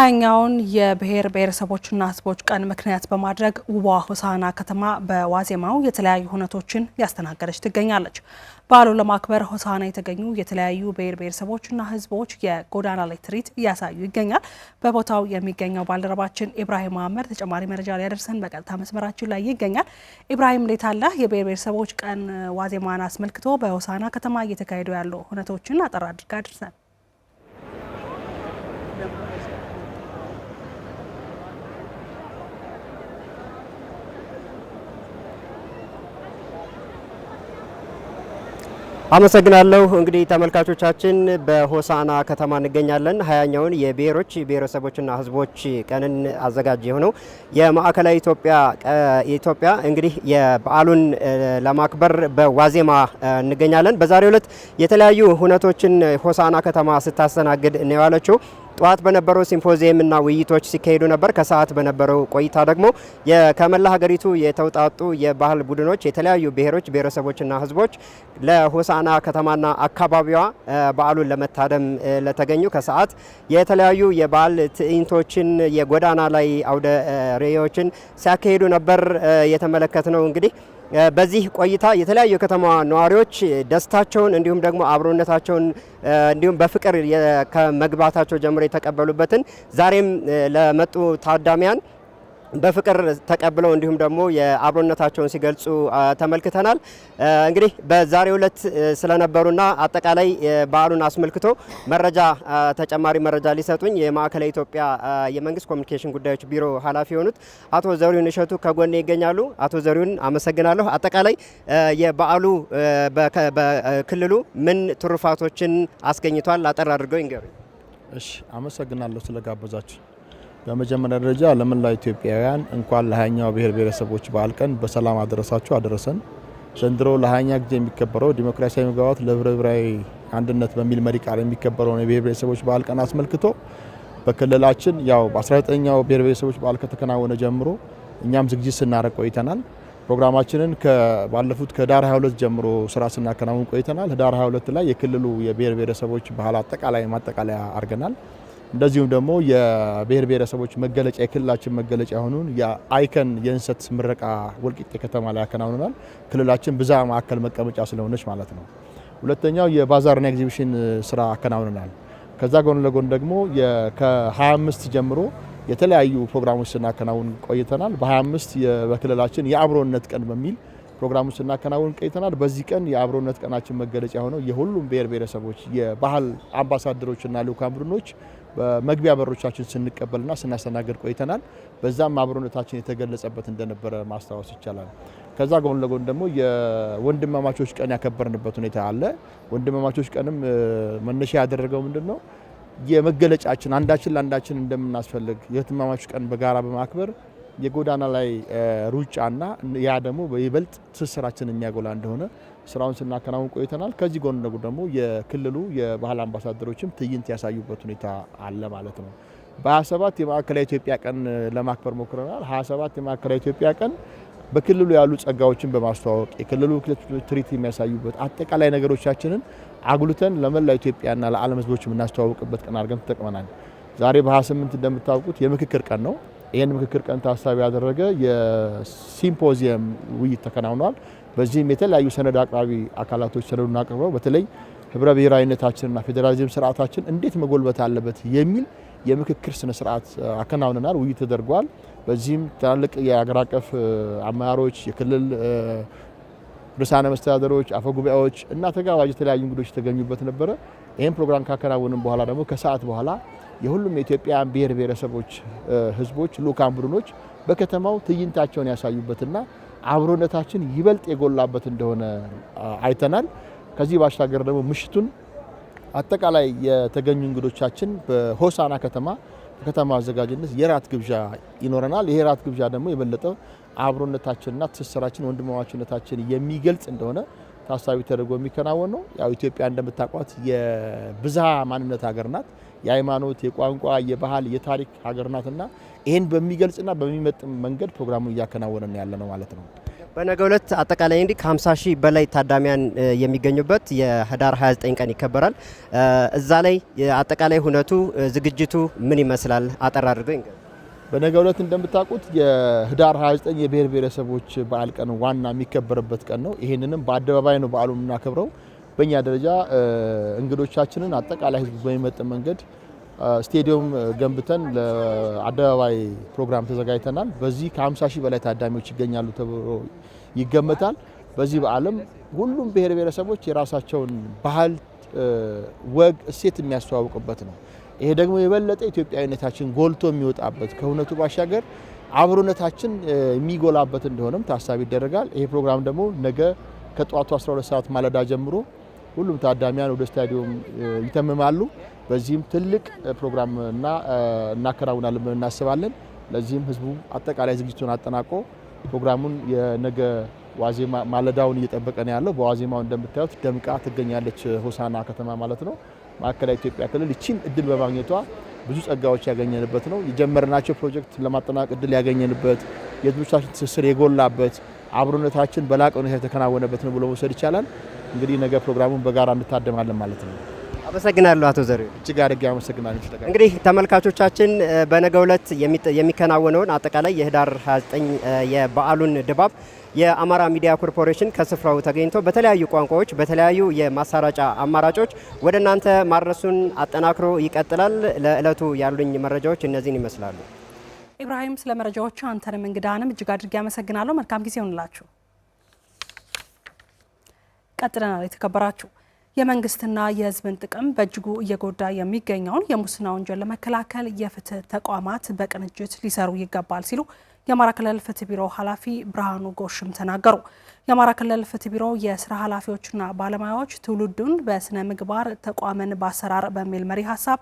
ሀያኛውን የብሔር ብሔረሰቦችና ሕዝቦች ቀን ምክንያት በማድረግ ውቧ ሆሳና ከተማ በዋዜማው የተለያዩ ሁነቶችን ያስተናገደች ትገኛለች። በዓሉን ለማክበር ሆሳና የተገኙ የተለያዩ ብሔር ብሔረሰቦችና ሕዝቦች የጎዳና ላይ ትርኢት እያሳዩ ይገኛል። በቦታው የሚገኘው ባልደረባችን ኢብራሂም መሀመድ ተጨማሪ መረጃ ሊያደርሰን በቀጥታ መስመራችን ላይ ይገኛል። ኢብራሂም እንዴት አለህ? የብሔር ብሔረሰቦች ቀን ዋዜማን አስመልክቶ በሆሳና ከተማ እየተካሄዱ ያሉ ሁነቶችን አጠር አድርጋ አድርሰን አመሰግናለሁ። እንግዲህ ተመልካቾቻችን በሆሳና ከተማ እንገኛለን። ሀያኛውን የብሔሮች ብሔረሰቦችና ሕዝቦች ቀንን አዘጋጅ የሆነው የማዕከላዊ ኢትዮጵያ እንግዲህ የበዓሉን ለማክበር በዋዜማ እንገኛለን። በዛሬው ዕለት የተለያዩ ሁነቶችን ሆሳና ከተማ ስታስተናግድ ነው ያለችው። ጠዋት በነበረው ሲምፖዚየምና ውይይቶች ሲካሄዱ ነበር። ከሰዓት በነበረው ቆይታ ደግሞ ከመላ ሀገሪቱ የተውጣጡ የባህል ቡድኖች የተለያዩ ብሔሮች፣ ብሔረሰቦችና ህዝቦች ለሆሳና ከተማና አካባቢዋ በዓሉን ለመታደም ለተገኙ ከሰዓት የተለያዩ የባህል ትዕይንቶችን የጎዳና ላይ አውደ ርዕዮችን ሲያካሂዱ ነበር የተመለከት ነው እንግዲህ በዚህ ቆይታ የተለያዩ የከተማ ነዋሪዎች ደስታቸውን እንዲሁም ደግሞ አብሮነታቸውን እንዲሁም በፍቅር ከመግባታቸው ጀምሮ የተቀበሉበትን ዛሬም ለመጡ ታዳሚያን በፍቅር ተቀብለው እንዲሁም ደግሞ የአብሮነታቸውን ሲገልጹ ተመልክተናል። እንግዲህ በዛሬው ዕለት ስለነበሩና አጠቃላይ በዓሉን አስመልክቶ መረጃ ተጨማሪ መረጃ ሊሰጡኝ የማዕከላዊ ኢትዮጵያ የመንግስት ኮሚኒኬሽን ጉዳዮች ቢሮ ኃላፊ የሆኑት አቶ ዘሪሁን እሸቱ ከጎኔ ይገኛሉ። አቶ ዘሪሁን አመሰግናለሁ። አጠቃላይ የበዓሉ በክልሉ ምን ትሩፋቶችን አስገኝቷል? አጠር አድርገው ይንገሩ። እሺ፣ አመሰግናለሁ ስለጋበዛችሁ በመጀመሪያ ደረጃ ለምላ ኢትዮጵያውያን እንኳን ለሀያኛው ብሔር ብሔረሰቦች በዓል ቀን በሰላም አደረሳችሁ አደረሰን። ዘንድሮ ለሀያኛ ጊዜ የሚከበረው ዲሞክራሲያዊ መግባባት ለህብረብራዊ አንድነት በሚል መሪ ቃል የሚከበረውን የብሔር ብሔረሰቦች በዓል ቀን አስመልክቶ በክልላችን ያው በ19ኛው ብሔር ብሔረሰቦች በዓል ከተከናወነ ጀምሮ እኛም ዝግጅት ስናደርግ ቆይተናል። ፕሮግራማችንን ባለፉት ከህዳር 22 ጀምሮ ስራ ስናከናውን ቆይተናል። ህዳር 22 ላይ የክልሉ የብሔር ብሔረሰቦች ባህል አጠቃላይ ማጠቃለያ አድርገናል። እንደዚሁም ደግሞ የብሔር ብሔረሰቦች መገለጫ የክልላችን መገለጫ የሆኑን የአይከን የእንሰት ምረቃ ወልቂጤ ከተማ ላይ ያከናውነናል። ክልላችን ብዛ ማዕከል መቀመጫ ስለሆነች ማለት ነው። ሁለተኛው የባዛርና ኤግዚቢሽን ስራ አከናውነናል። ከዛ ጎን ለጎን ደግሞ ከ25 ጀምሮ የተለያዩ ፕሮግራሞች ስናከናውን ቆይተናል። በ25 በክልላችን የአብሮነት ቀን በሚል ፕሮግራሞች ስናከናውን ቆይተናል። በዚህ ቀን የአብሮነት ቀናችን መገለጫ የሆነው የሁሉም ብሔር ብሔረሰቦች የባህል አምባሳደሮችና ልዑካን ቡድኖች በመግቢያ በሮቻችን ስንቀበልና ስናስተናግድ ቆይተናል። በዛም አብሮነታችን የተገለጸበት እንደነበረ ማስታወስ ይቻላል። ከዛ ጎን ለጎን ደግሞ የወንድማማቾች ቀን ያከበርንበት ሁኔታ አለ። ወንድማማቾች ቀንም መነሻ ያደረገው ምንድን ነው? የመገለጫችን አንዳችን ለአንዳችን እንደምናስፈልግ የወንድማማቾች ቀን በጋራ በማክበር የጎዳና ላይ ሩጫና ያ ደግሞ ይበልጥ ትስስራችን የሚያጎላ እንደሆነ ስራውን ስናከናውን ቆይተናል። ከዚህ ጎን ደግሞ የክልሉ የባህል አምባሳደሮችም ትዕይንት ያሳዩበት ሁኔታ አለ ማለት ነው። በ27 የማዕከላዊ ኢትዮጵያ ቀን ለማክበር ሞክረናል። 27 የማዕከላዊ ኢትዮጵያ ቀን በክልሉ ያሉ ጸጋዎችን በማስተዋወቅ የክልሉ ትርኢት የሚያሳዩበት አጠቃላይ ነገሮቻችንን አጉልተን ለመላው ኢትዮጵያና ለዓለም ህዝቦች የምናስተዋውቅበት ቀን አድርገን ተጠቅመናል። ዛሬ በ28 እንደምታውቁት የምክክር ቀን ነው። ይህን ምክክር ቀን ታሳቢ ያደረገ የሲምፖዚየም ውይይት ተከናውኗል። በዚህም የተለያዩ ሰነድ አቅራቢ አካላቶች ሰነዱን አቅርበው በተለይ ህብረ ብሔራዊነታችንና ፌዴራሊዝም ስርዓታችን እንዴት መጎልበት አለበት የሚል የምክክር ስነ ስርዓት አከናውነናል። ውይይት ተደርጓል። በዚህም ትላልቅ የአገር አቀፍ አመራሮች፣ የክልል ርዕሳነ መስተዳደሮች፣ አፈ ጉባኤዎች እና ተጋባዥ የተለያዩ እንግዶች የተገኙበት ነበረ። ይህም ፕሮግራም ካከናወንም በኋላ ደግሞ ከሰዓት በኋላ የሁሉም የኢትዮጵያ ብሔር ብሔረሰቦች ህዝቦች ልኡካን ቡድኖች በከተማው ትዕይንታቸውን ያሳዩበትና አብሮነታችን ይበልጥ የጎላበት እንደሆነ አይተናል። ከዚህ ባሻገር ደግሞ ምሽቱን አጠቃላይ የተገኙ እንግዶቻችን በሆሳና ከተማ በከተማ አዘጋጅነት የራት ግብዣ ይኖረናል። ይሄ ራት ግብዣ ደግሞ የበለጠ አብሮነታችንና ትስስራችን ወንድማማችነታችን የሚገልጽ እንደሆነ ታሳቢ ተደርጎ የሚከናወን ነው። ያው ኢትዮጵያ እንደምታውቋት የብዝሃ ማንነት ሀገር ናት። የሃይማኖት፣ የቋንቋ፣ የባህል፣ የታሪክ ሀገር ናትና ይህን በሚገልጽና በሚመጥ መንገድ ፕሮግራሙን ነው ያለ ነው ማለት ነው። በነገ ሁለት አጠቃላይ እንግዲህ ከ50 ሺህ በላይ ታዳሚያን የሚገኙበት የህዳር 29 ቀን ይከበራል። እዛ ላይ አጠቃላይ ሁነቱ ዝግጅቱ ምን ይመስላል? አጠር አድርገው በነገው ዕለት እንደምታውቁት የህዳር 29 የብሔር ብሔረሰቦች በዓል ቀን ዋና የሚከበርበት ቀን ነው። ይህንንም በአደባባይ ነው በዓሉ የምናከብረው። በእኛ ደረጃ እንግዶቻችንን አጠቃላይ ህዝብ በሚመጥ መንገድ ስቴዲየም ገንብተን ለአደባባይ ፕሮግራም ተዘጋጅተናል። በዚህ ከ50 ሺህ በላይ ታዳሚዎች ይገኛሉ ተብሎ ይገመታል። በዚህ በዓልም ሁሉም ብሔር ብሔረሰቦች የራሳቸውን ባህል ወግ፣ እሴት የሚያስተዋውቅበት ነው። ይሄ ደግሞ የበለጠ ኢትዮጵያዊነታችን ጎልቶ የሚወጣበት ከእውነቱ ባሻገር አብሮነታችን የሚጎላበት እንደሆነም ታሳቢ ይደረጋል። ይሄ ፕሮግራም ደግሞ ነገ ከጠዋቱ 12 ሰዓት ማለዳ ጀምሮ ሁሉም ታዳሚያን ወደ ስታዲየም ይተምማሉ። በዚህም ትልቅ ፕሮግራም እና እናከናውናለን ብለን እናስባለን። ለዚህም ህዝቡ አጠቃላይ ዝግጅቱን አጠናቆ ፕሮግራሙን የነገ ዋዜማ ማለዳውን እየጠበቀ ነው ያለው። በዋዜማው እንደምታዩት ደምቃ ትገኛለች ሆሳና ከተማ ማለት ነው። ማዕከላዊ ኢትዮጵያ ክልል ይቺን እድል በማግኘቷ ብዙ ጸጋዎች ያገኘንበት ነው። የጀመርናቸው ፕሮጀክት ለማጠናቀቅ እድል ያገኘንበት፣ የህዝቦቻችን ትስስር የጎላበት፣ አብሮነታችን በላቀ ሁኔታ የተከናወነበት ነው ብሎ መውሰድ ይቻላል። እንግዲህ ነገ ፕሮግራሙን በጋራ እንታደማለን ማለት ነው። አመሰግናለሁ አቶ ዘሪሁን እጅግ አድርጌ አመሰግናለሁ። እንግዲህ ተመልካቾቻችን በነገው ዕለት የሚከናወነውን አጠቃላይ የህዳር 29 የበዓሉን ድባብ የአማራ ሚዲያ ኮርፖሬሽን ከስፍራው ተገኝቶ በተለያዩ ቋንቋዎች በተለያዩ የማሰራጫ አማራጮች ወደ እናንተ ማድረሱን አጠናክሮ ይቀጥላል። ለዕለቱ ያሉኝ መረጃዎች እነዚህን ይመስላሉ። ኢብራሂም፣ ስለ መረጃዎቹ አንተንም እንግዳንም እጅግ አድርጌ አመሰግናለሁ። መልካም ጊዜ ይሆንላችሁ። ቀጥለናል። የተከበራችሁ የመንግስትና የህዝብን ጥቅም በእጅጉ እየጎዳ የሚገኘውን የሙስና ወንጀል ለመከላከል የፍትህ ተቋማት በቅንጅት ሊሰሩ ይገባል ሲሉ የአማራ ክልል ፍትህ ቢሮ ኃላፊ ብርሃኑ ጎሽም ተናገሩ። የአማራ ክልል ፍትህ ቢሮ የስራ ኃላፊዎችና ባለሙያዎች ትውልዱን በስነ ምግባር ተቋምን በአሰራር በሚል መሪ ሀሳብ